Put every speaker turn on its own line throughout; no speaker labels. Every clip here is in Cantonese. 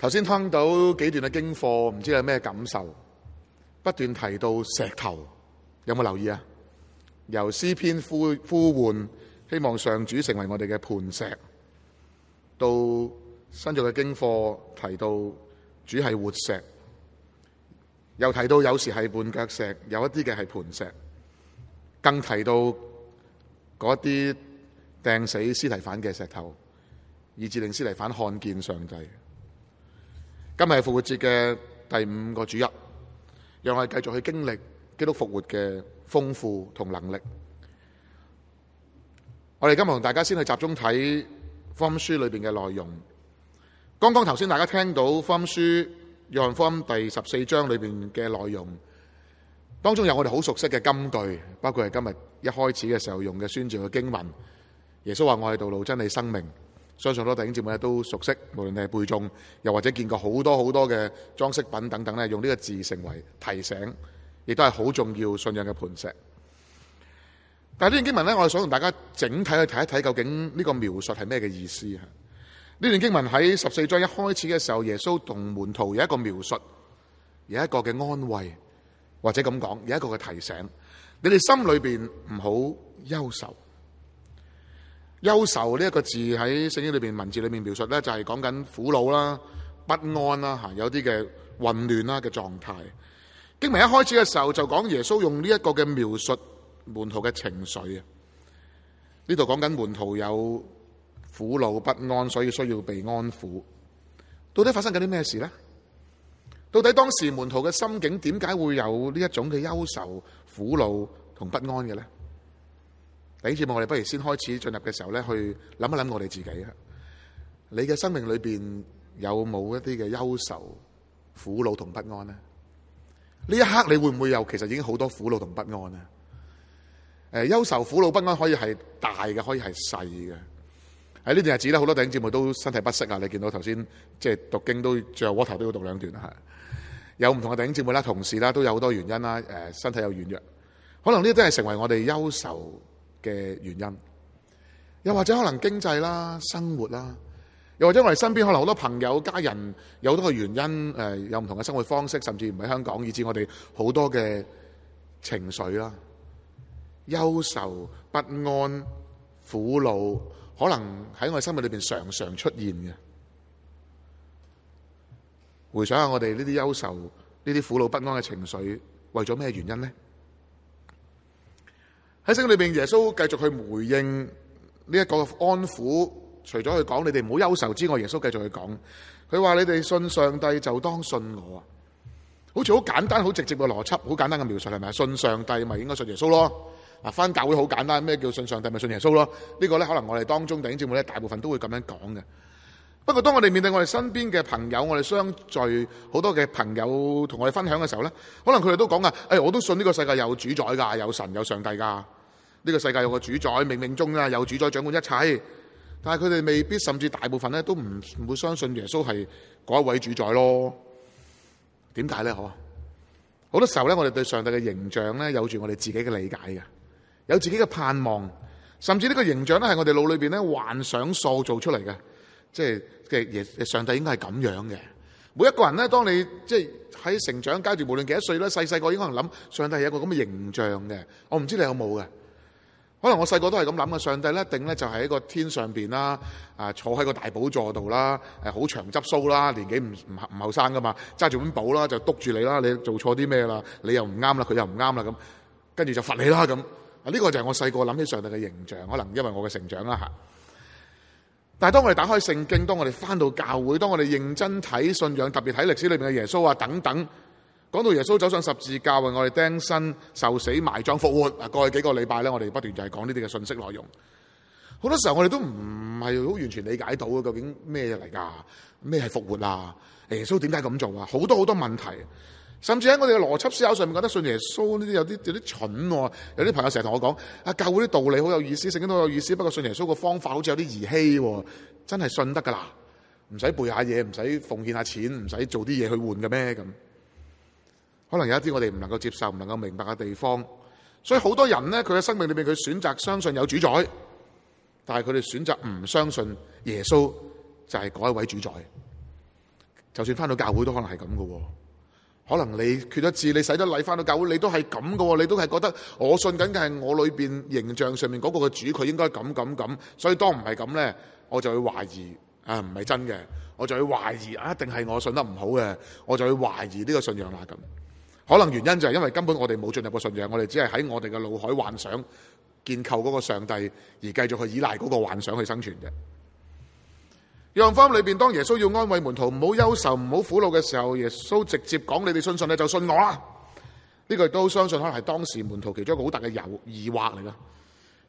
頭先聽到幾段嘅經課，唔知道有咩感受？不斷提到石頭，有冇留意啊？由詩篇呼呼喚，希望上主成為我哋嘅磐石，到新約嘅經課提到主係活石，又提到有時係絆腳石，有一啲嘅係磐石，更提到嗰啲掟死司提反嘅石頭，以致令司提反看見上帝。今日係復活節嘅第五個主日，讓我哋繼續去經歷基督復活嘅豐富同能力。我哋今日同大家先去集中睇福音書裏邊嘅內容。剛剛頭先大家聽到福音書約翰福音第十四章裏邊嘅內容，當中有我哋好熟悉嘅金句，包括係今日一開始嘅時候用嘅宣召嘅經文。耶穌話：我係道路、真理、生命。相信好多弟兄姊妹咧都熟悉，無論你係背誦，又或者見過好多好多嘅裝飾品等等咧，用呢個字成為提醒，亦都係好重要信仰嘅磐石。但係呢段經文咧，我哋想同大家整體去睇一睇，究竟呢個描述係咩嘅意思啊？呢段經文喺十四章一開始嘅時候，耶穌同門徒有一個描述，有一個嘅安慰，或者咁講，有一個嘅提醒，你哋心裏面唔好憂愁。憂愁呢一個字喺聖經裏邊文字裏面描述呢，就係講緊苦惱啦、不安啦，吓有啲嘅混亂啦嘅狀態。經文一開始嘅時候就講，耶穌用呢一個嘅描述門徒嘅情緒啊。呢度講緊門徒有苦惱不安，所以需要被安撫。到底發生緊啲咩事呢？到底當時門徒嘅心境點解會有呢一種嘅憂愁、苦惱同不安嘅呢？弟兄姊妹，我哋不如先開始進入嘅時候咧，去諗一諗我哋自己啊。你嘅生命裏邊有冇一啲嘅憂愁、苦惱同不安呢？呢一刻你會唔會又其實已經好多苦惱同不安呢？誒，憂、呃、愁、苦惱、不安可以係大嘅，可以係細嘅。喺呢段日子咧，好多弟兄姊妹都身體不適啊。你見到頭先即係讀經都最後窩頭都要讀兩段啊。有唔同嘅弟兄姊妹啦，同事啦，都有好多原因啦。誒、呃，身體有軟弱，可能呢啲都係成為我哋憂愁。嘅原因，又或者可能經濟啦、生活啦，又或者我哋身邊可能好多朋友、家人有好多個原因，誒、呃，有唔同嘅生活方式，甚至唔喺香港，以致我哋好多嘅情緒啦、憂愁、不安、苦惱，可能喺我哋生活裏邊常常出現嘅。回想下我哋呢啲憂愁、呢啲苦惱、不安嘅情緒，為咗咩原因咧？喺聖經裏邊，耶穌繼續去回應呢一個安撫，除咗去講你哋唔好憂愁之外，耶穌繼續去講，佢話你哋信上帝就當信我啊，好似好簡單好直接嘅邏輯，好簡單嘅描述係咪啊？信上帝咪應該信耶穌咯？嗱，翻教會好簡單咩叫信上帝咪信耶穌咯？呢、這個咧可能我哋當中弟兄姊妹咧大部分都會咁樣講嘅。不過，當我哋面對我哋身邊嘅朋友，我哋相聚好多嘅朋友同我哋分享嘅時候呢，可能佢哋都講啊，哎，我都信呢個世界有主宰㗎，有神有上帝㗎，呢個世界有個主宰，冥冥中啊有主宰掌管一切。但係佢哋未必甚至大部分呢都唔唔會相信耶穌係嗰一位主宰咯。點解呢？嗬？好多時候呢，我哋對上帝嘅形象呢，有住我哋自己嘅理解嘅，有自己嘅盼望，甚至呢個形象呢，係我哋腦裏面呢幻想塑造出嚟嘅。即係嘅嘢，是上帝應該係咁樣嘅。每一個人咧，當你即係喺成長階段，無論幾多歲咧，細細個已經可能諗上帝係一個咁嘅形象嘅。我唔知你有冇嘅。可能我細個都係咁諗嘅，上帝咧一定咧就係喺個天上邊啦，啊坐喺個大寶座度啦，誒好長執須啦，年紀唔唔唔後生噶嘛，揸住本簿啦就督住你啦，你做錯啲咩啦？你又唔啱啦，佢又唔啱啦咁，跟住就罰你啦咁。啊呢個就係我細個諗起上帝嘅形象，可能因為我嘅成長啦嚇。但係當我哋打開聖經，當我哋返到教會，當我哋認真睇信仰，特別睇歷史裏面嘅耶穌啊等等，講到耶穌走上十字架，為我哋釘身受死埋葬復活，過去幾個禮拜咧，我哋不斷就係講呢啲嘅信息內容。好多時候我哋都唔係好完全理解到究竟咩嚟噶，咩係復活啊？耶穌點解咁做啊？好多好多問題。甚至喺我哋嘅邏輯思考上面，覺得信耶穌呢啲有啲有啲蠢喎。有啲、啊、朋友成日同我講：啊，教會啲道理好有意思，聖經都有意思。不過信耶穌個方法好似有啲兒戲，真係信得噶啦，唔使背下嘢，唔使奉獻下錢，唔使做啲嘢去換嘅咩咁。可能有一啲我哋唔能夠接受、唔能夠明白嘅地方。所以好多人咧，佢嘅生命裏邊佢選擇相信有主宰，但係佢哋選擇唔相信耶穌就係嗰一位主宰。就算翻到教會都可能係咁噶。可能你缺咗字，你洗咗禮返到教會，你都係咁噶喎，你都係覺得我信緊嘅係我裏邊形象上面嗰個嘅主，佢應該咁咁咁，所以當唔係咁咧，我就會懷疑啊，唔係真嘅，我就會懷疑啊，一定係我信得唔好嘅，我就會懷疑呢個信仰啦咁。可能原因就係因為根本我哋冇進入過信仰，我哋只係喺我哋嘅腦海幻想建構嗰個上帝，而繼續去依賴嗰個幻想去生存嘅。約翰福音裏邊，當耶穌要安慰門徒，唔好憂愁，唔好苦惱嘅時候，耶穌直接講：你哋信信你就信我啦。」呢句都相信，可能係當時門徒其中一個好大嘅猶疑惑嚟啦。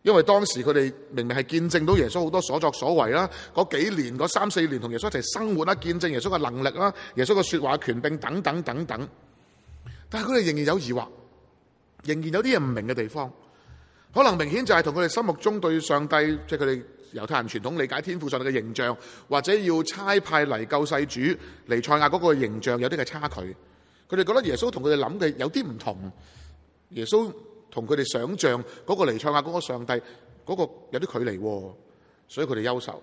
因為當時佢哋明明係見證到耶穌好多所作所為啦，嗰幾年嗰三四年同耶穌一齊生活啦，見證耶穌嘅能力啦，耶穌嘅說話嘅權柄等等等等。但係佢哋仍然有疑惑，仍然有啲嘢唔明嘅地方，可能明顯就係同佢哋心目中對上帝，即係佢哋。猶太人傳統理解天父上帝嘅形象，或者要差派嚟救世主尼賽亞嗰個形象，有啲嘅差距。佢哋覺得耶穌同佢哋諗嘅有啲唔同。耶穌同佢哋想像嗰個尼賽亞嗰個上帝嗰個有啲距離，所以佢哋憂愁。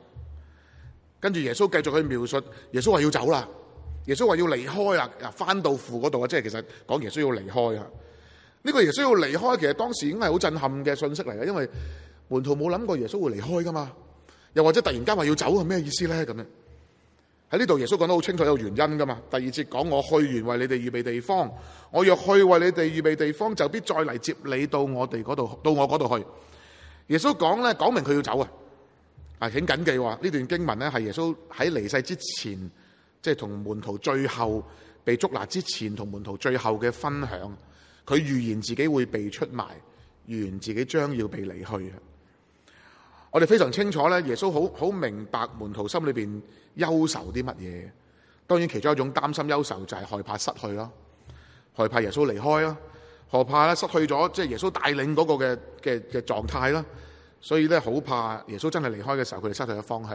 跟住耶穌繼續去描述，耶穌話要走啦，耶穌話要離開啦，翻到父嗰度啊！即係其實講耶穌要離開啊。呢個耶穌要離開，其實當時已經係好震撼嘅信息嚟嘅，因為。門徒冇諗過耶穌會離開噶嘛，又或者突然間話要走係咩意思呢？咁樣喺呢度耶穌講得好清楚，有一個原因噶嘛？第二節講我去完為你哋預備地方，我若去為你哋預備地方，就必再嚟，接你到我哋嗰度，到我嗰度去。耶穌講呢，講明佢要走啊！啊，請謹記話，呢段經文呢，係耶穌喺離世之前，即係同門徒最後被捉拿之前，同門徒最後嘅分享。佢預言自己會被出賣，預言自己將要被離去。我哋非常清楚咧，耶穌好好明白門徒心裏邊憂愁啲乜嘢。當然，其中一種擔心憂愁就係害怕失去咯，害怕耶穌離開咯，害怕咧失去咗即係耶穌帶領嗰個嘅嘅嘅狀態咯。所以咧，好怕耶穌真係離開嘅時候，佢哋失去咗方向。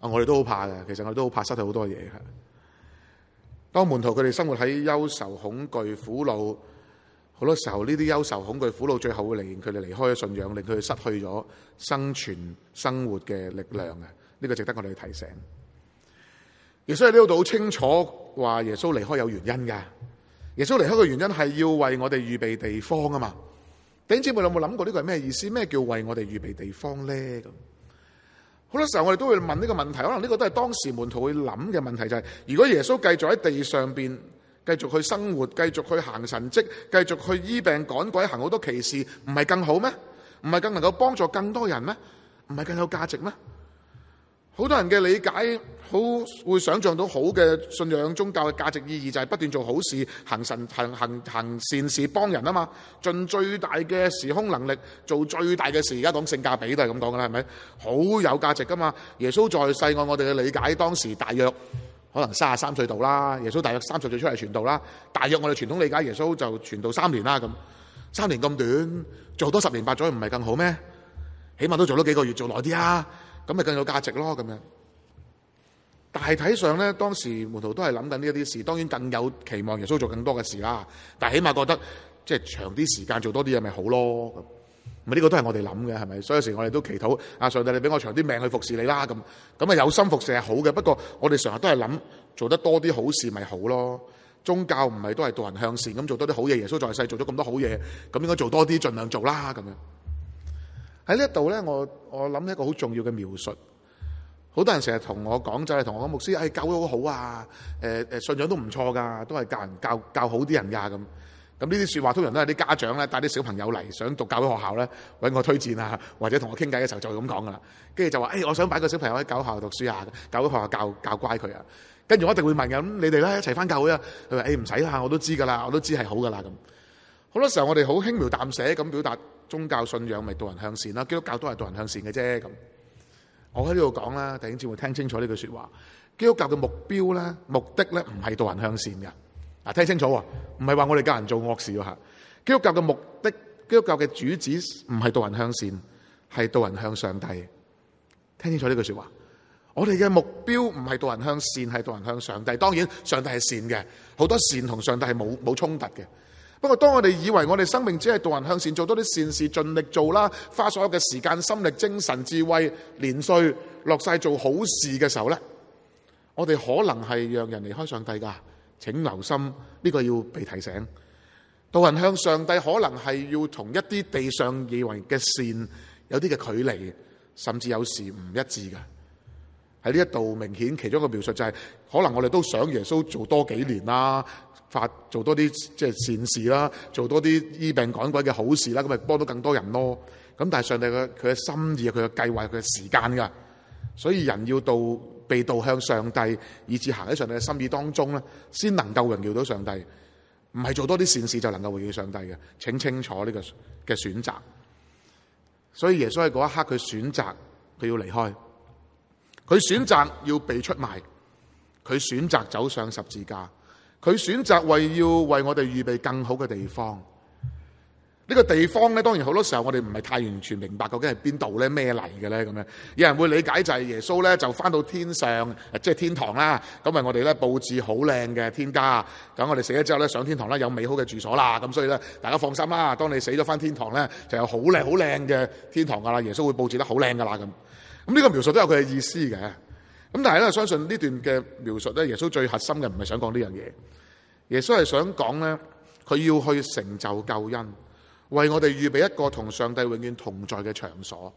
啊，我哋都好怕嘅。其實我哋都好怕失去好多嘢嘅。當門徒佢哋生活喺憂愁、恐懼、苦惱。好多時候呢啲憂愁、恐懼、苦惱，最後會令佢哋離開嘅信仰，令佢哋失去咗生存、生活嘅力量呢、呢個值得我哋去提醒。耶穌喺呢度都好清楚話，耶穌離開有原因噶。耶穌離開嘅原因係要為我哋預備地方啊嘛！弟兄姐妹有冇諗過呢個係咩意思？咩叫為我哋預備地方咧？咁好多時候我哋都會問呢個問題，可能呢個都係當時門徒會諗嘅問題，就係、是、如果耶穌繼續喺地上邊。繼續去生活，繼續去行神蹟，繼續去醫病趕鬼，行好多奇事，唔係更好咩？唔係更能夠幫助更多人咩？唔係更有價值咩？好多人嘅理解，好會想像到好嘅信仰宗教嘅價值意義，就係不斷做好事，行神行行，行善事，幫人啊嘛，盡最大嘅時空能力做最大嘅事。而家講性價比都係咁講噶啦，係咪？好有價值噶嘛？耶穌在世，按我哋嘅理解，當時大約。可能卅三歲度啦，耶穌大約三十歲出嚟傳道啦，大約我哋傳統理解耶穌就傳道三年啦咁，三年咁短，做多十年八載唔係更好咩？起碼都做多幾個月，做耐啲啊，咁咪更有價值咯咁樣。大體上咧，當時門徒都係諗緊呢一啲事，當然更有期望耶穌做更多嘅事啦。但起碼覺得即係長啲時間做多啲嘢咪好咯。咪呢個都係我哋諗嘅，係咪？所以有時我哋都祈禱，啊，上帝你俾我長啲命去服侍你啦。咁咁啊，有心服侍係好嘅。不過我哋成日都係諗做得多啲好事咪好咯。宗教唔係都係導人向善，咁做多啲好嘢。耶穌在世做咗咁多好嘢，咁應該做多啲，盡量做啦。咁樣喺呢一度呢，我我諗一個好重要嘅描述。好多人成日同我講就係同我講牧師，哎，教得好啊，誒誒，信仰都唔錯噶，都係教人教教好啲人噶咁。咁呢啲説話通常都係啲家長咧帶啲小朋友嚟想讀教會學校咧揾我推薦啊，或者同我傾偈嘅時候就會咁講噶啦。跟住就話，誒，我想擺個小朋友喺教學校讀書啊，教會學校教教乖佢啊。跟住我一定會問，咁你哋咧一齊翻教會啊？佢話，誒，唔使啦，我都知噶啦，我都知係好噶啦咁。好多時候我哋好輕描淡寫咁表達宗教信仰，咪導人向善咯。基督教都係導人向善嘅啫。咁我喺呢度講啦，弟兄姊妹聽清楚呢句説話。基督教嘅目標咧、目的咧，唔係導人向善嘅。嗱，聽清楚喎，唔係話我哋教人做惡事吓。基督教嘅目的，基督教嘅主旨，唔係導人向善，係導人向上帝。聽清楚呢句說話，我哋嘅目標唔係導人向善，係導人向上帝。當然，上帝係善嘅，好多善同上帝係冇冇衝突嘅。不過，當我哋以為我哋生命只係導人向善，做多啲善事，盡力做啦，花所有嘅時間、心力、精神、智慧、年歲，落晒做好事嘅時候咧，我哋可能係讓人離開上帝噶。請留心呢、這個要被提醒。道雲向上帝可能係要同一啲地上以為嘅線有啲嘅距離，甚至有時唔一致㗎。喺呢一度明顯，其中一個描述就係、是、可能我哋都想耶穌做多幾年啦，做多啲即係善事啦，做多啲醫病趕鬼嘅好事啦，咁咪幫到更多人咯。咁但係上帝嘅佢嘅心意，佢嘅計劃，佢嘅時間㗎，所以人要到。被導向上帝，以至行喺上帝嘅心意當中咧，先能夠榮耀到上帝。唔係做多啲善事就能夠榮耀上帝嘅，請清楚呢個嘅選擇。所以耶穌喺嗰一刻，佢選擇佢要離開，佢選擇要被出賣，佢選擇走上十字架，佢選擇為要為我哋預備更好嘅地方。呢個地方呢，當然好多時候我哋唔係太完全明白究竟係邊度呢？咩嚟嘅呢？咁有人會理解就係耶穌呢，就翻到天上，即係天堂啦。咁咪我哋呢，佈置好靚嘅天家。咁我哋死咗之後呢，上天堂咧，有美好嘅住所啦。咁所以呢，大家放心啦，當你死咗翻天堂呢，就有好靚好靚嘅天堂噶啦。耶穌會佈置得好靚噶啦咁。咁呢個描述都有佢嘅意思嘅。咁但係咧，相信呢段嘅描述呢，耶穌最核心嘅唔係想講呢樣嘢。耶穌係想講呢，佢要去成就救恩。為我哋預備一個同上帝永遠同在嘅場所，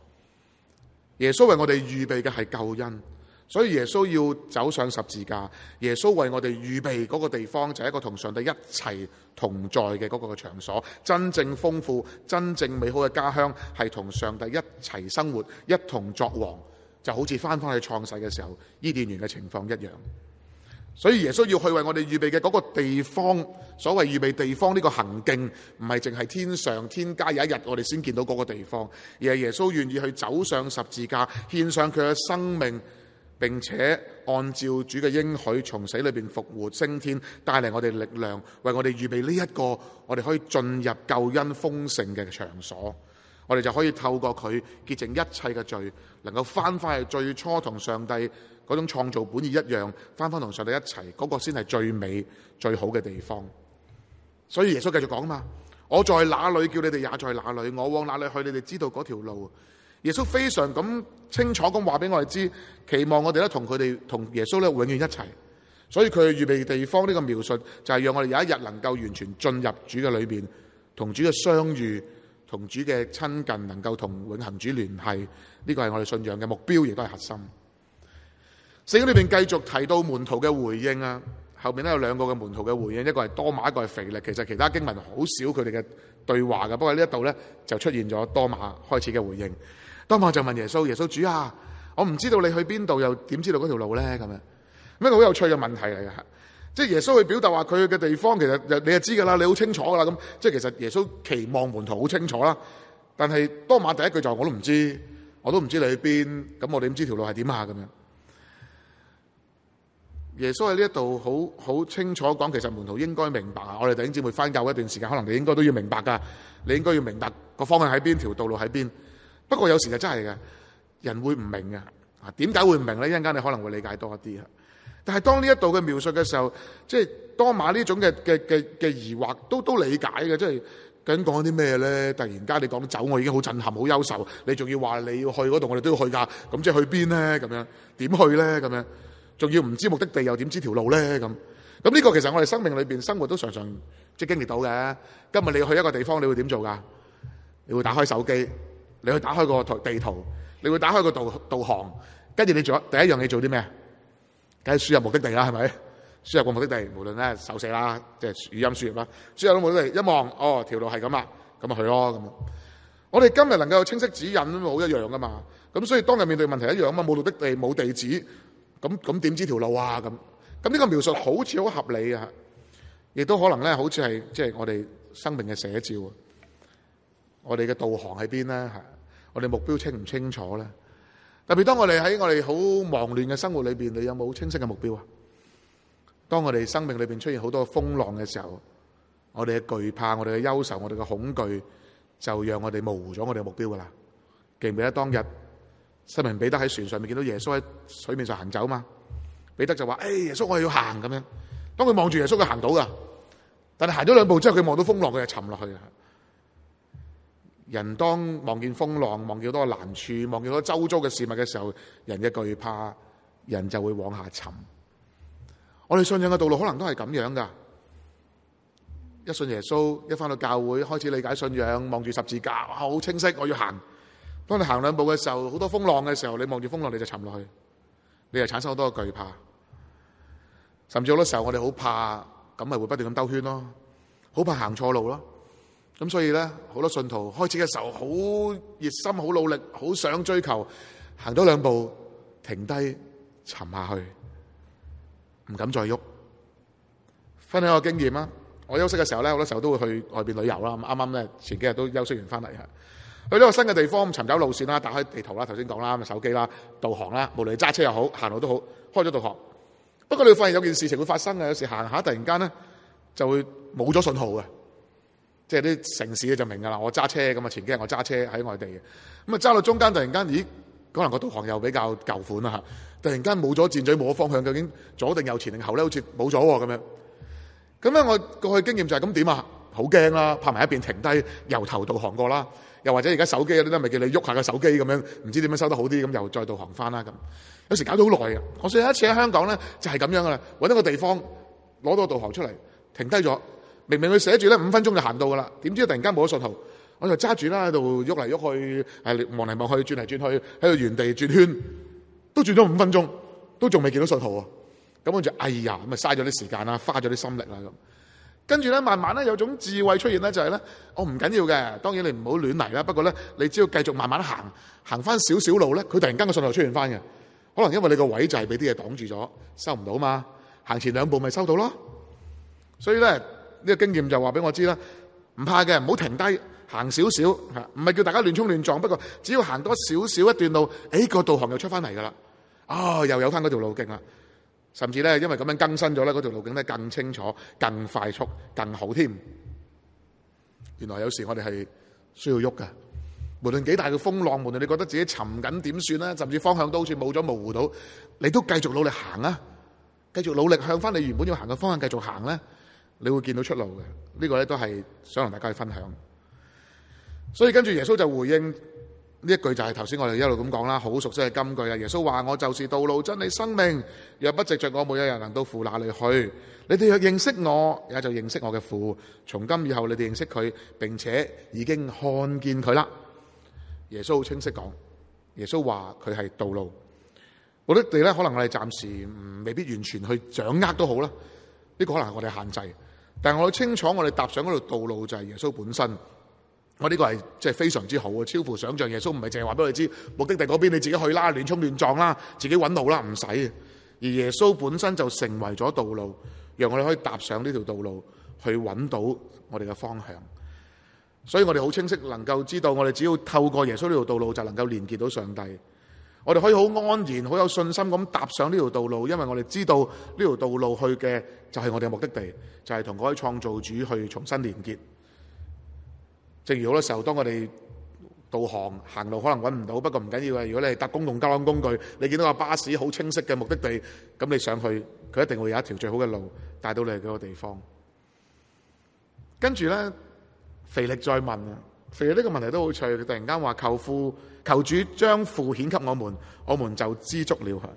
耶穌為我哋預備嘅係救恩，所以耶穌要走上十字架。耶穌為我哋預備嗰個地方就係一個同上帝一齊同在嘅嗰個場所，真正豐富、真正美好嘅家鄉，係同上帝一齊生活、一同作王，就好似翻翻去創世嘅時候伊甸園嘅情況一樣。所以耶穌要去為我哋預備嘅嗰個地方，所謂預備地方呢個行徑，唔係淨係天上天家有一日我哋先見到嗰個地方，而係耶穌願意去走上十字架，獻上佢嘅生命，並且按照主嘅應許，從死裏邊復活升天，帶嚟我哋力量，為我哋預備呢一個我哋可以進入救恩豐盛嘅場所，我哋就可以透過佢潔淨一切嘅罪，能夠翻返去最初同上帝。嗰種創造本意一樣，翻返同上帝一齊，嗰個先係最美最好嘅地方。所以耶穌繼續講嘛，我在哪裏，叫你哋也在哪裏，我往哪裏去，你哋知道嗰條路。耶穌非常咁清楚咁話俾我哋知，期望我哋咧同佢哋同耶穌咧永遠一齊。所以佢預備地方呢個描述，就係讓我哋有一日能夠完全進入主嘅裏面，同主嘅相遇，同主嘅親近，能夠同永恆主聯繫。呢個係我哋信仰嘅目標，亦都係核心。聖經裏邊繼續提到門徒嘅回應啊，後面咧有兩個嘅門徒嘅回應，一個係多馬，一個係腓力。其實其他經文好少佢哋嘅對話嘅，不過呢一度咧就出現咗多馬開始嘅回應。多馬就問耶穌：耶穌主啊，我唔知道你去邊度，又點知道嗰條路咧？咁樣咩好有趣嘅問題嚟㗎。即係耶穌去表達話佢嘅地方，其實你就知噶啦，你好清楚噶啦咁。即係其實耶穌期望門徒好清楚啦，但係多馬第一句就我都唔知，我都唔知，我都唔知你去邊，咁我點知道條路係點啊？咁樣。耶穌喺呢一度好好清楚講，其實門徒應該明白啊！我哋弟兄姊妹翻教一段時間，可能你應該都要明白噶，你應該要明白個方向喺邊，條道路喺邊。不過有時就真係嘅，人會唔明嘅啊？點解會唔明呢？一陣間你可能會理解多一啲啊！但係當呢一度嘅描述嘅時候，即係多馬呢種嘅嘅嘅嘅疑惑，都都理解嘅。即係究竟講啲咩呢？突然間你講走，我已經好震撼、好憂愁。你仲要話你要去嗰度，我哋都要去噶。咁即係去邊呢？咁樣點去呢？咁樣？仲要唔知目的地又點知條路咧？咁咁呢個其實我哋生命裏面生活都常常即係經歷到嘅。今日你去一個地方，你會點做噶？你會打開手機，你會打開個台地圖，你會打開個導導航，跟住你做第一樣嘢做啲咩？梗係輸入目的地啦，係咪？輸入個目的地，無論咧手寫啦，即係語音輸入啦，輸入到目的地一望，哦，條路係咁啊，咁啊去咯。咁我哋今日能夠清晰指引好一樣噶嘛？咁所以當日面對問題一樣嘛，冇目的地冇地址。咁咁點知條路啊？咁咁呢個描述好似好合理啊！亦都可能咧，好似係即係我哋生命嘅寫照啊。我哋嘅導航喺邊咧？我哋目標清唔清楚咧？特別當我哋喺我哋好忙亂嘅生活裏邊，你有冇清晰嘅目標啊？當我哋生命裏邊出現好多風浪嘅時候，我哋嘅懼怕、我哋嘅憂愁、我哋嘅恐懼，就讓我哋模糊咗我哋嘅目標噶啦。記唔記得當日？西門彼得喺船上面見到耶穌喺水面上行走，走嘛？彼得就話：誒、哎，耶穌，我要行咁樣。當佢望住耶穌，佢行到噶。但係行咗兩步之後，佢望到風浪，佢就沉落去啊！人當望見風浪，望見好多難處，望見好多周遭嘅事物嘅時候，人嘅懼怕，人就會往下沉。我哋信仰嘅道路可能都係咁樣噶。一信耶穌，一返到教會開始理解信仰，望住十字架，好清晰，我要行。當你行兩步嘅時候，好多風浪嘅時候，你望住風浪，你就沉落去，你又產生好多嘅懼怕，甚至好多時候我哋好怕，咁咪會不斷咁兜圈咯，好怕行錯路咯。咁所以咧，好多信徒開始嘅時候好熱心、好努力、好想追求，行多兩步停低沉下去，唔敢再喐。分享個經驗啦，我休息嘅時候咧，好多時候都會去外邊旅遊啦。啱啱咧前幾日都休息完翻嚟。去咗個新嘅地方，尋找路線啦，打開地圖啦，頭先講啦，咁手機啦，導航啦，無論你揸車又好，行路都好，開咗導航。不過你會發現有件事情會發生嘅，有時行下突然間咧就會冇咗信號嘅，即係啲城市就明㗎啦。我揸車咁啊，前幾日我揸車喺外地，咁啊揸到中間突然間，咦？可能個導航又比較舊款啦嚇，突然間冇咗箭嘴冇咗方向，究竟左定右，前定後咧，好似冇咗喎咁樣。咁咧我過去經驗就係咁點啊？好驚啦！泊埋一邊停低，由頭導航過啦。又或者而家手機嗰啲咪叫你喐下個手機咁樣，唔知點樣收得好啲，咁又再度行翻啦。咁有時搞到好耐㗎。我試一次喺香港咧，就係、是、咁樣噶啦。搵到個地方，攞到個導航出嚟，停低咗。明明佢寫住咧五分鐘就行到噶啦，點知突然間冇咗信號。我就揸住啦喺度喐嚟喐去，望嚟望去，轉嚟轉去，喺度原地轉圈，都轉咗五分鐘，都仲未見到信號啊！咁跟住，哎呀，咁咪嘥咗啲時間啦，花咗啲心力啦咁。跟住咧，慢慢咧有種智慧出現咧，就係咧，我唔緊要嘅。當然你唔好亂嚟啦，不過咧，你只要繼續慢慢行，行翻少少路咧，佢突然間個信號出現翻嘅。可能因為你個位就係俾啲嘢擋住咗，收唔到嘛。行前兩步咪收到咯。所以咧，呢個經驗就話俾我知啦，唔怕嘅，唔好停低，行少少嚇，唔係叫大家亂衝亂撞。不過只要行多少少一段路，誒個導航又出翻嚟噶啦，啊，又有翻嗰條路徑啦。甚至咧，因為咁樣更新咗咧，嗰條路徑咧更清楚、更快速、更好添。原來有時我哋係需要喐噶，無論幾大嘅風浪，無論你覺得自己沉緊點算咧，甚至方向都好似冇咗模糊到，你都繼續努力行啊，繼續努力向翻你原本要行嘅方向繼續行咧，你會見到出路嘅。呢個咧都係想同大家去分享。所以跟住耶穌就回應。呢一句就係頭先我哋一路咁講啦，好熟悉嘅金句啊！耶穌話：我就是道路、真理、生命，若不藉著我，沒有人能到父那裏去。你哋若認識我，也就認識我嘅父。從今以後，你哋認識佢，並且已經看見佢啦。耶穌好清晰講，耶穌話佢係道路。我哋咧可能我哋暫時唔未必完全去掌握都好啦，呢個可能係我哋限制。但係我哋清楚，我哋踏上嗰條道路就係耶穌本身。我呢個係即係非常之好，超乎想象。耶穌唔係淨係話俾佢知目的地嗰邊，你自己去啦，亂衝亂撞啦，自己揾路啦，唔使。而耶穌本身就成為咗道路，讓我哋可以踏上呢條道路去揾到我哋嘅方向。所以我哋好清晰，能夠知道我哋只要透過耶穌呢條道路就能夠連結到上帝。我哋可以好安然、好有信心咁踏上呢條道路，因為我哋知道呢條道路去嘅就係我哋嘅目的地，就係同嗰位創造主去重新連結。正如好多時候，當我哋導航行路可能揾唔到，不過唔緊要啊。如果你係搭公共交通工具，你見到個巴士好清晰嘅目的地，咁你上去，佢一定會有一條最好嘅路帶到你去嗰個地方。跟住咧，腓力再問啊，腓力呢個問題都好脆，突然間話求父求主將父顯給我們，我們就知足了嚇。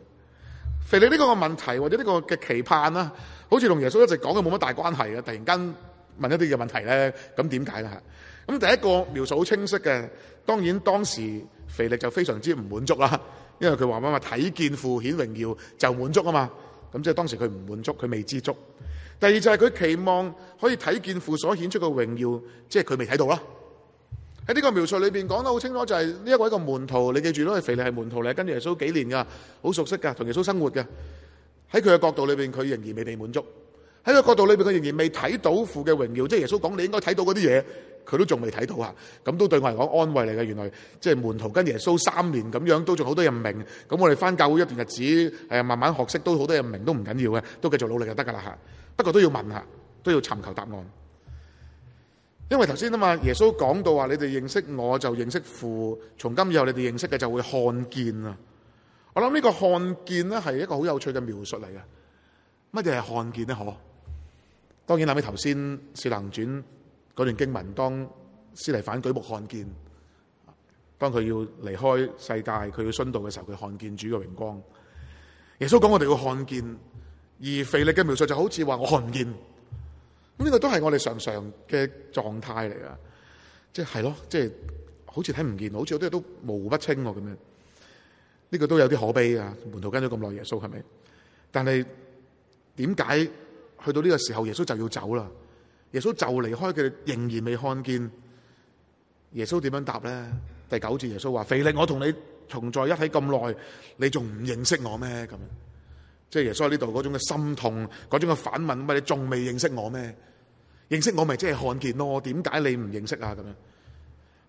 腓力呢個問題或者呢個嘅期盼啦，好似同耶穌一直講嘅冇乜大關係啊。突然間問一啲嘅問題咧，咁點解咧？咁第一個描述好清晰嘅，當然當時腓力就非常之唔滿足啦，因為佢話乜話睇見父顯榮耀就滿足啊嘛。咁即係當時佢唔滿足，佢未知足。第二就係佢期望可以睇見父所顯出嘅榮耀，即係佢未睇到啦。喺呢個描述裏邊講得好清楚，就是，就係呢一個門徒，你記住啦，腓力係門徒嚟，跟住耶穌幾年噶，好熟悉噶，同耶穌生活嘅。喺佢嘅角度裏邊，佢仍然未被滿足；喺個角度裏邊，佢仍然未睇到父嘅榮耀，即係耶穌講你應該睇到嗰啲嘢。佢都仲未睇到啊，咁都對我嚟講安慰嚟嘅。原來即係門徒跟耶穌三年咁樣，都仲好多嘢唔明。咁我哋翻教會一段日子，誒慢慢學識，都好多嘢唔明，都唔緊要嘅，都繼續努力就得㗎啦嚇。不過都要問下，都要尋求答案。因為頭先啊嘛，耶穌講到話：你哋認識我就認識父，從今以後你哋認識嘅就會看見啊。我諗呢個看見咧係一個好有趣嘅描述嚟嘅。乜嘢係看見呢？好，當然諗起頭先《四能轉》。嗰段經文，當司提反舉目看見，當佢要離開世界，佢要殉道嘅時候，佢看見主嘅榮光。耶穌講：我哋要看見，而腓力嘅描述就好似話我看唔見。咁、這、呢個都係我哋常常嘅狀態嚟啊！即係咯，即係、就是、好似睇唔見，好似好多嘢都模糊不清咁樣。呢、這個都有啲可悲啊！門徒跟咗咁耐，耶穌係咪？但係點解去到呢個時候，耶穌就要走啦？耶穌就離開佢哋，仍然未看見耶穌點樣答咧？第九節，耶穌話：肥力，我同你同在一起咁耐，你仲唔認識我咩？咁，即係耶穌喺呢度嗰種嘅心痛，嗰種嘅反問，咪你仲未認識我咩？認識我咪即係看見咯？點解你唔認識啊？咁樣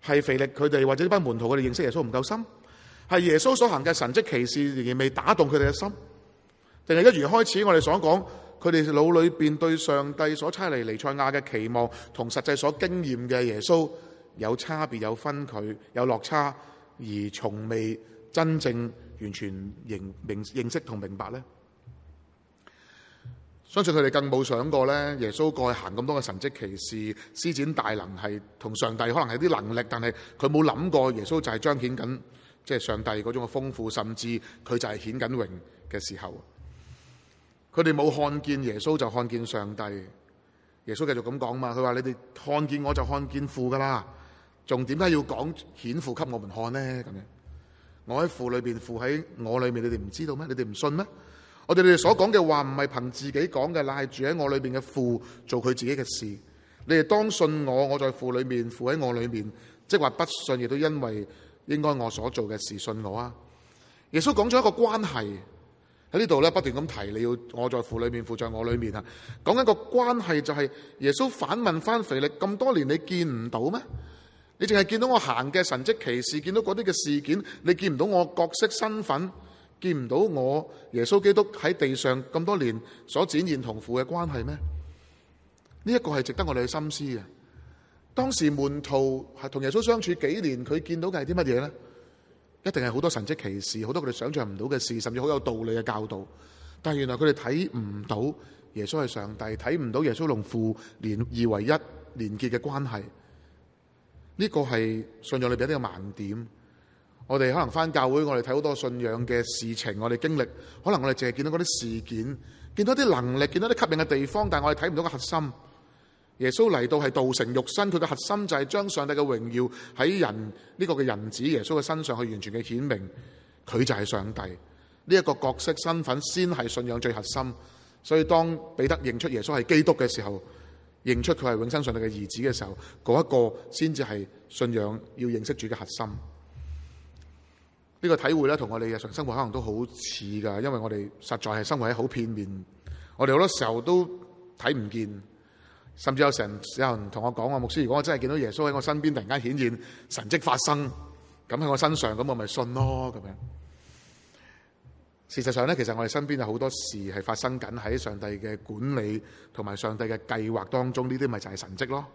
係肥力佢哋或者呢班門徒佢哋認識耶穌唔夠深，係耶穌所行嘅神蹟奇事，仍然未打動佢哋嘅心，定係一如開始我哋所講？佢哋腦裏邊對上帝所差嚟彌賽亞嘅期望，同實際所經驗嘅耶穌有差別、有分距、有落差，而從未真正完全認明認，認，認識同明白咧。相信佢哋更冇想過咧，耶穌過去行咁多嘅神蹟奇事，施展大能，係同上帝可能係啲能力，但係佢冇諗過耶穌就係彰顯緊，即、就、係、是、上帝嗰種嘅豐富，甚至佢就係顯緊榮嘅時候。佢哋冇看見耶穌就看見上帝，耶穌繼續咁講嘛，佢話你哋看見我就看見父噶啦，仲點解要講顯父給我們看呢？咁樣，我喺父裏面，父喺我裏面，你哋唔知道咩？你哋唔信咩？我哋你哋所講嘅話唔係憑自己講嘅，乃係住喺我裏面嘅父做佢自己嘅事。你哋當信我，我在父裏面，父喺我裏面，即係話不信亦都因為應該我所做嘅事信我啊。耶穌講咗一個關係。喺呢度咧，不斷咁提你要我在父裏面，父在我裏面啊！講緊個關係就係耶穌反問翻腓力，咁多年你見唔到咩？你淨係見到我行嘅神蹟奇事，見到嗰啲嘅事件，你見唔到我角色身份，見唔到我耶穌基督喺地上咁多年所展現同父嘅關係咩？呢、這、一個係值得我哋去深思嘅。當時門徒係同耶穌相處幾年，佢見到嘅係啲乜嘢咧？一定係好多神蹟奇事，好多佢哋想象唔到嘅事，甚至好有道理嘅教導。但係原來佢哋睇唔到耶穌係上帝，睇唔到耶穌同父連二為一連結嘅關係。呢、這個係信仰裏邊一個盲點。我哋可能翻教會，我哋睇好多信仰嘅事情，我哋經歷，可能我哋淨係見到嗰啲事件，見到啲能力，見到啲吸引嘅地方，但係我哋睇唔到個核心。耶穌嚟到係道成肉身，佢嘅核心就係將上帝嘅榮耀喺人呢個嘅人子耶穌嘅身上去完全嘅顯明，佢就係上帝呢一個角色身份先係信仰最核心。所以當彼得認出耶穌係基督嘅時候，認出佢係永生上帝嘅兒子嘅時候，嗰一個先至係信仰要認識主嘅核心。呢個體會咧，同我哋日常生活可能都好似噶，因為我哋實在係生活喺好片面，我哋好多時候都睇唔見。甚至有成有人同我講話，牧師，如果我真係見到耶穌喺我身邊突然間顯現神蹟發生，咁喺我身上，咁我咪信咯咁樣。事實上呢，其實我哋身邊有好多事係發生緊喺上帝嘅管理同埋上帝嘅計劃當中，呢啲咪就係神蹟咯。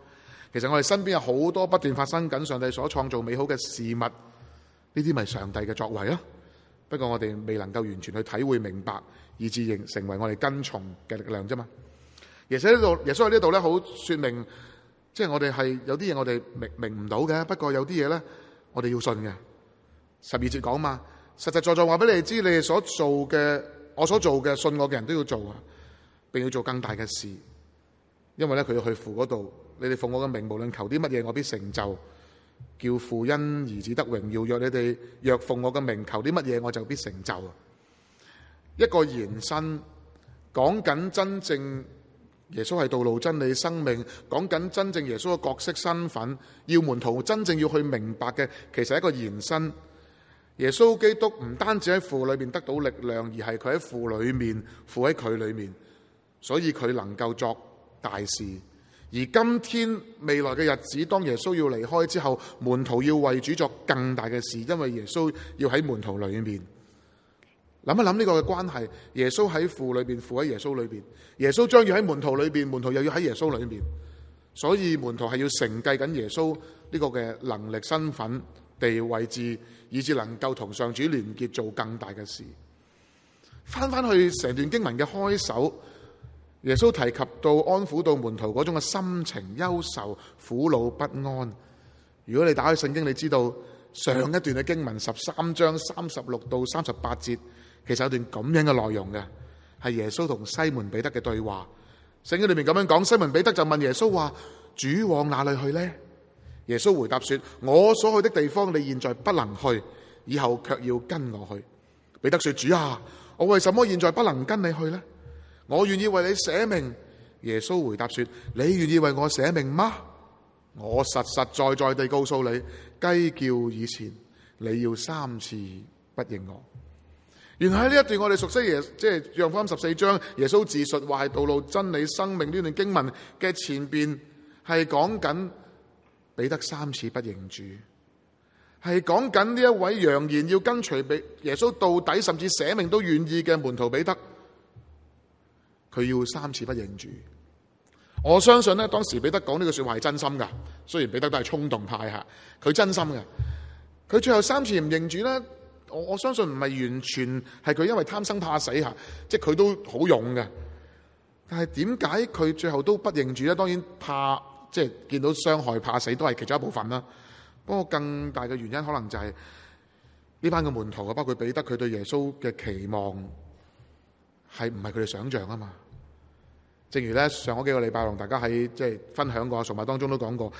其實我哋身邊有好多不斷發生緊上帝所創造美好嘅事物，呢啲咪上帝嘅作為咯。不過我哋未能夠完全去體會明白，以至成成為我哋跟從嘅力量啫嘛。而且呢度，耶穌喺呢度咧，好說明，即係我哋係有啲嘢我哋明明唔到嘅。不過有啲嘢咧，我哋要信嘅。十二節講嘛，實實在在話俾你哋知，你哋所做嘅，我所做嘅，信我嘅人都要做啊，並要做更大嘅事。因為咧，佢要去父嗰度，你哋奉我嘅名，無論求啲乜嘢，我必成就。叫父因兒子得榮耀，若你哋若奉我嘅名，求啲乜嘢，我就必成就。一個延伸講緊真正。耶穌係道路、真理、生命，講緊真正耶穌嘅角色、身份，要門徒真正要去明白嘅，其實係一個延伸。耶穌基督唔單止喺父裏面得到力量，而係佢喺父裏面，父喺佢裏面，所以佢能夠作大事。而今天未來嘅日子，當耶穌要離開之後，門徒要為主作更大嘅事，因為耶穌要喺門徒裏面。諗一諗呢個嘅關係，耶穌喺父裏邊，父喺耶穌裏邊，耶穌將要喺門徒裏邊，門徒又要喺耶穌裏面。所以門徒係要承繼緊耶穌呢個嘅能力、身份、地位、志，以致能夠同上主聯結，做更大嘅事。翻翻去成段經文嘅開首，耶穌提及到安撫到門徒嗰種嘅心情、憂愁、苦惱、不安。如果你打開聖經，你知道上一段嘅經文十三章三十六到三十八節。其實有一段咁樣嘅內容嘅，係耶穌同西門彼得嘅對話。聖經裏面咁樣講，西門彼得就問耶穌話：主往哪裏去呢？」耶穌回答說：我所去的地方，你現在不能去，以後却要跟我去。彼得說：主啊，我為什麼現在不能跟你去呢？我願意為你捨命。耶穌回答說：你願意為我捨命嗎？我實實在在地告訴你，雞叫以前，你要三次不認我。原來喺呢一段我哋熟悉嘅，即係約翰福音十四章耶穌自述話係道路真理生命呢段經文嘅前邊係講緊彼得三次不認主，係講緊呢一位揚言要跟隨俾耶穌到底甚至捨命都願意嘅門徒彼得，佢要三次不認主。我相信呢當時彼得講呢句說話係真心噶，雖然彼得都係衝動派吓，佢真心嘅。佢最後三次唔認主咧。我我相信唔係完全係佢因為貪生怕死吓，即係佢都好勇嘅。但係點解佢最後都不認主咧？當然怕，即係見到傷害怕死都係其中一部分啦。不過更大嘅原因可能就係、是、呢班嘅門徒啊，包括彼得，佢對耶穌嘅期望係唔係佢哋想象啊嘛？正如咧上嗰幾個禮拜同大家喺即係分享過崇拜當中都講過，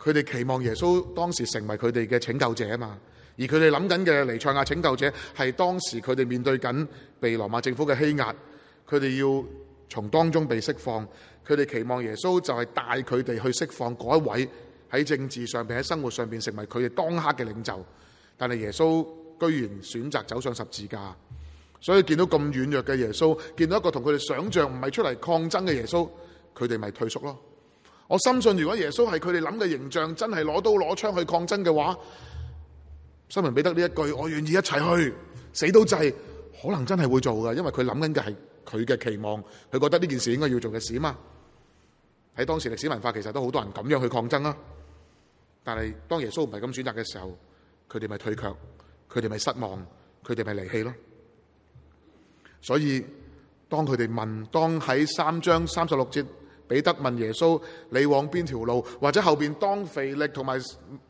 佢哋期望耶穌當時成為佢哋嘅拯救者啊嘛。而佢哋諗緊嘅彌賽亞拯救者，係當時佢哋面對緊被羅馬政府嘅欺壓，佢哋要從當中被釋放，佢哋期望耶穌就係帶佢哋去釋放嗰一位，喺政治上邊、喺生活上邊成為佢哋當刻嘅領袖。但係耶穌居然選擇走上十字架，所以見到咁軟弱嘅耶穌，見到一個同佢哋想象唔係出嚟抗爭嘅耶穌，佢哋咪退縮咯。我深信如果耶穌係佢哋諗嘅形象，真係攞刀攞槍去抗爭嘅話，西門彼得呢一句，我願意一齊去，死都制，可能真係會做㗎，因為佢諗緊嘅係佢嘅期望，佢覺得呢件事應該要做嘅事啊嘛。喺當時歷史文化，其實都好多人咁樣去抗爭啦。但係當耶穌唔係咁選擇嘅時候，佢哋咪退卻，佢哋咪失望，佢哋咪離棄咯。所以當佢哋問，當喺三章三十六節。彼得問耶穌：你往邊條路？或者後邊當腓力同埋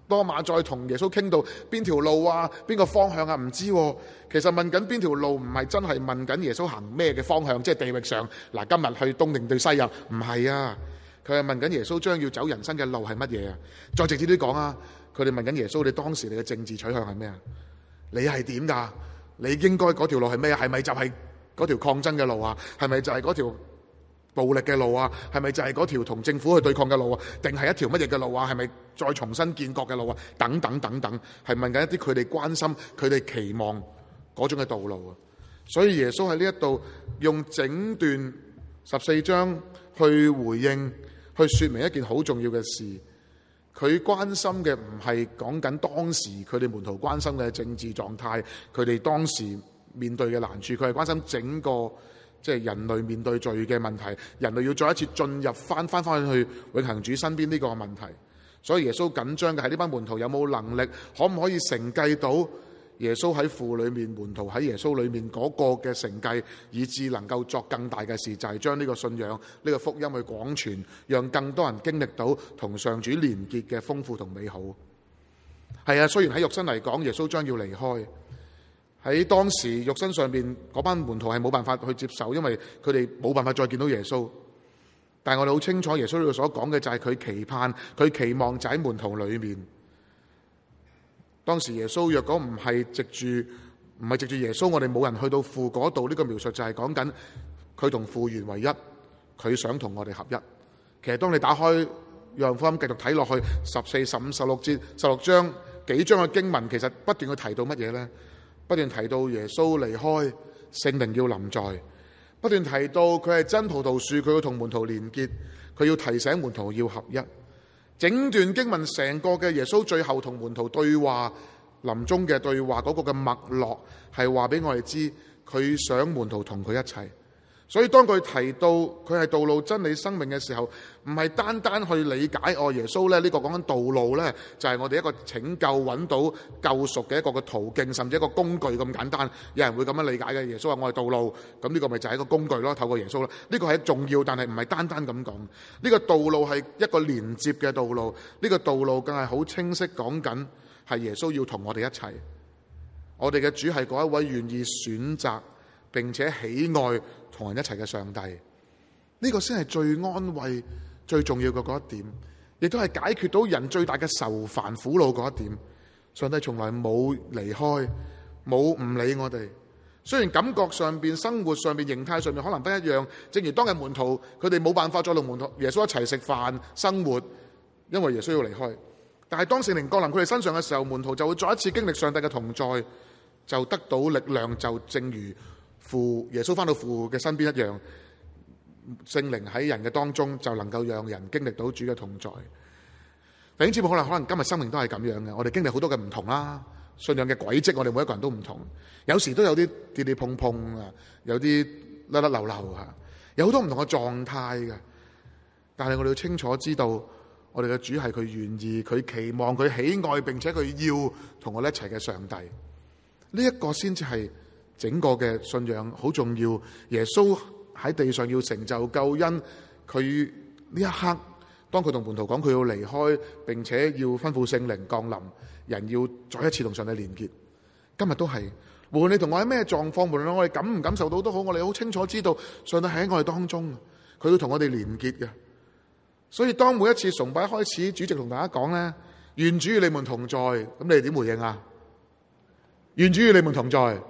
多馬再同耶穌傾到邊條路啊？邊個方向啊？唔知、啊。其實問緊邊條路，唔係真係問緊耶穌行咩嘅方向，即係地域上。嗱，今日去東定對西入，唔係啊。佢係、啊、問緊耶穌將要走人生嘅路係乜嘢啊？再直接啲講啊！佢哋問緊耶穌，你當時你嘅政治取向係咩啊？你係點噶？你應該嗰條路係咩？係咪就係嗰條抗爭嘅路啊？係咪就係嗰條？暴力嘅路啊，係咪就係嗰條同政府去對抗嘅路啊？定係一條乜嘢嘅路啊？係咪再重新建國嘅路啊？等等等等，係問緊一啲佢哋關心、佢哋期望嗰種嘅道路啊。所以耶穌喺呢一度用整段十四章去回應、去說明一件好重要嘅事。佢關心嘅唔係講緊當時佢哋門徒關心嘅政治狀態，佢哋當時面對嘅難處，佢係關心整個。即係人類面對罪嘅問題，人類要再一次進入翻翻翻去永恆主身邊呢個問題，所以耶穌緊張嘅係呢班門徒有冇能力，可唔可以承繼到耶穌喺父裏面，門徒喺耶穌裏面嗰個嘅承繼，以致能夠作更大嘅事，就係將呢個信仰、呢、這個福音去廣傳，讓更多人經歷到同上主連結嘅豐富同美好。係啊，雖然喺肉身嚟講，耶穌將要離開。喺當時肉身上邊嗰班門徒係冇辦法去接受，因為佢哋冇辦法再見到耶穌。但係我哋好清楚耶穌佢所講嘅就係佢期盼、佢期望就喺門徒裏面。當時耶穌若果唔係藉住唔係藉住耶穌，我哋冇人去到父嗰度。呢、這個描述就係講緊佢同父原為一，佢想同我哋合一。其實當你打開約翰福音繼續睇落去十四、十五、十六節、十六章幾章嘅經文，其實不斷去提到乜嘢呢？不斷提到耶穌離開，聖靈要臨在；不斷提到佢係真葡萄樹，佢要同門徒連結，佢要提醒門徒要合一。整段經文成個嘅耶穌最後同門徒對話，臨終嘅對話嗰個嘅脈絡，係話俾我哋知佢想門徒同佢一齊。所以當佢提到佢係道路、真理、生命嘅時候，唔係單單去理解哦，耶穌呢，呢個講緊道路呢，就係我哋一個拯救揾到救贖嘅一個途徑，甚至一個工具咁簡單，有人會咁樣理解嘅。耶穌話我係道路，咁呢個咪就係一個工具咯，透過耶穌啦。呢個係重要，但係唔係單單咁講。呢個道路係一個連接嘅道路，呢個道路更係好清晰講緊係耶穌要同我哋一齊。我哋嘅主係嗰一位願意選擇並且喜愛同人一齊嘅上帝，呢個先係最安慰、最重要嘅嗰一點，亦都係解決到人最大嘅愁煩、苦惱嗰一點。上帝從來冇離開，冇唔理我哋。雖然感覺上邊、生活上邊、形態上面可能不一樣，正如當日門徒佢哋冇辦法再同門徒耶穌一齊食飯、生活，因為耶穌要離開。但係當聖靈降臨佢哋身上嘅時候，門徒就會再一次經歷上帝嘅同在，就得到力量，就正如。父耶穌返到父嘅身邊一樣，聖靈喺人嘅當中就能夠讓人經歷到主嘅同在。弟兄姊妹，可能可能今日生命都係咁樣嘅，我哋經歷好多嘅唔同啦，信仰嘅軌跡我哋每一個人都唔同，有時都有啲跌跌碰碰啊，有啲甩甩流流吓，有好多唔同嘅狀態嘅。但係我哋要清楚知道，我哋嘅主係佢願意、佢期望、佢喜愛，並且佢要同我哋一齊嘅上帝。呢一個先至係。整個嘅信仰好重要，耶穌喺地上要成就救恩。佢呢一刻，當佢同門徒講佢要離開，並且要吩咐聖靈降臨，人要再一次同上帝連結。今日都係，無論你同我喺咩狀況，無論我哋感唔感受到都好，我哋好清楚知道上帝喺我哋當中，佢要同我哋連結嘅。所以當每一次崇拜開始，主席同大家講咧，願主與你們同在，咁你哋點回應啊？願主與你們同在。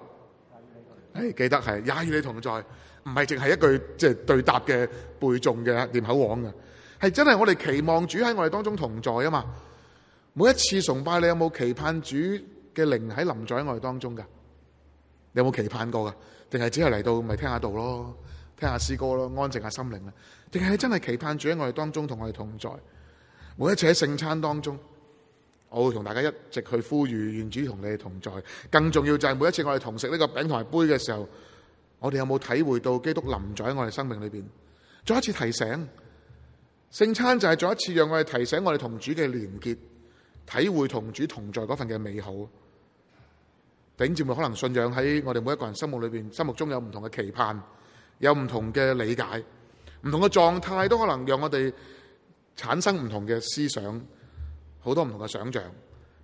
係、哎、記得係也與你同在，唔係淨係一句即係、就是、對答嘅背誦嘅念口簧嘅，係真係我哋期望主喺我哋當中同在啊嘛！每一次崇拜，你有冇期盼主嘅靈喺臨在喺我哋當中噶？你有冇期盼過噶？定係只係嚟到咪聽下道咯，聽下詩歌咯，安靜下心靈啊？定係你真係期盼主喺我哋當中同我哋同在？每一次喺聖餐當中。我會同大家一直去呼籲，願主同你哋同在。更重要就係每一次我哋同食呢個餅同杯嘅時候，我哋有冇體會到基督臨在我哋生命裏邊？再一次提醒，聖餐就係再一次讓我哋提醒我哋同主嘅連結，體會同主同在嗰份嘅美好。頂節目可能信仰喺我哋每一個人心目裏邊、心目中有唔同嘅期盼，有唔同嘅理解，唔同嘅狀態都可能讓我哋產生唔同嘅思想。好多唔同嘅想象，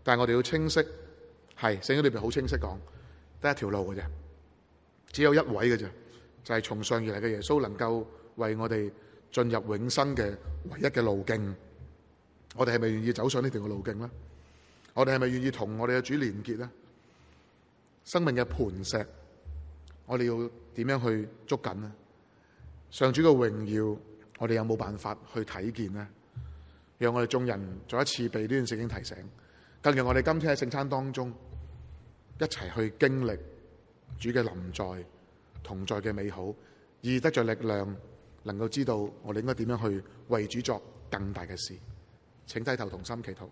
但係我哋要清晰，係聖經裏邊好清晰講，得一條路嘅啫，只有一位嘅啫，就係、是、從上而嚟嘅耶穌，能夠為我哋進入永生嘅唯一嘅路徑。我哋係咪願意走上呢條嘅路徑咧？我哋係咪願意同我哋嘅主連結咧？生命嘅磐石，我哋要點樣去捉緊咧？上主嘅榮耀，我哋有冇辦法去睇見咧？讓我哋眾人再一次被呢段聖經提醒，跟住我哋今天喺聖餐當中一齊去經歷主嘅臨在同在嘅美好，而得着力量，能夠知道我哋應該點樣去為主作更大嘅事。請低頭同心祈禱。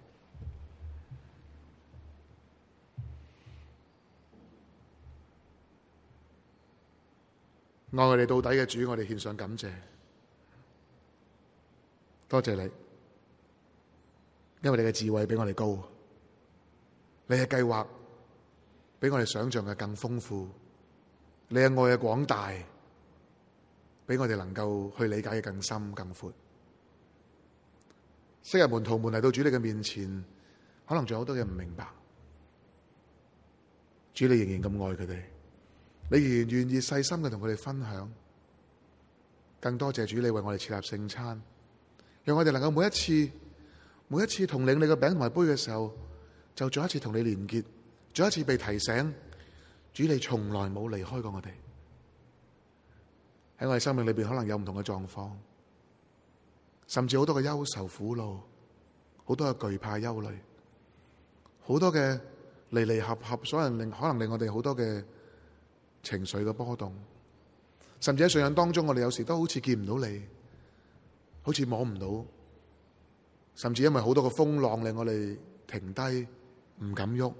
愛我哋到底嘅主，我哋獻上感謝，多謝你。因為你嘅智慧比我哋高，你嘅計劃比我哋想象嘅更豐富，你嘅愛嘅廣大比我哋能夠去理解嘅更深更闊。昔日門徒們嚟到主你嘅面前，可能仲有好多嘢唔明白，主你仍然咁愛佢哋，你仍然願意細心嘅同佢哋分享。更多謝主你為我哋設立聖餐，讓我哋能夠每一次。每一次同領你個餅同埋杯嘅時候，就再一次同你連結，再一次被提醒，主你從來冇離開過我哋。喺我哋生命裏邊，可能有唔同嘅狀況，甚至好多嘅憂愁苦惱，好多嘅懼怕憂慮，好多嘅離離合合，所能令可能令我哋好多嘅情緒嘅波動，甚至喺信仰當中，我哋有時都好似見唔到你，好似摸唔到。甚至因為好多嘅風浪令我哋停低，唔敢喐，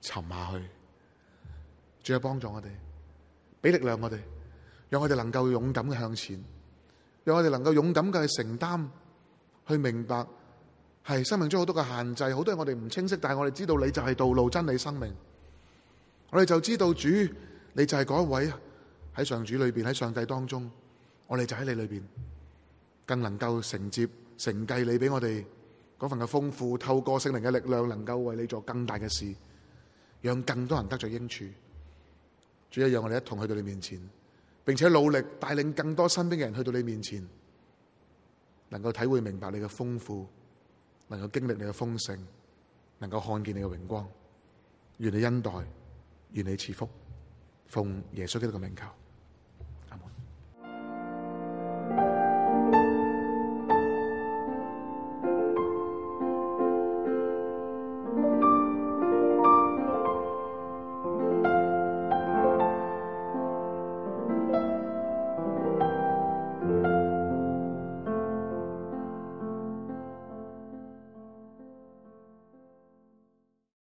沉下去。仲有幫助我哋，俾力量我哋，讓我哋能夠勇敢嘅向前，讓我哋能夠勇敢嘅去承擔，去明白係生命中好多嘅限制。好多嘢我哋唔清晰，但係我哋知道你就係道路、真理、生命。我哋就知道主你就係嗰一位啊！喺上主裏邊，喺上帝當中，我哋就喺你裏邊，更能夠承接。承繼你俾我哋嗰份嘅豐富，透過聖靈嘅力量，能夠為你做更大嘅事，讓更多人得着恩賜。主要讓我哋一同去到你面前，並且努力帶領更多身邊嘅人去到你面前，能夠體會明白你嘅豐富，能夠經歷你嘅豐盛，能夠看見你嘅榮光。願你恩待，願你賜福，奉耶穌基督嘅名求。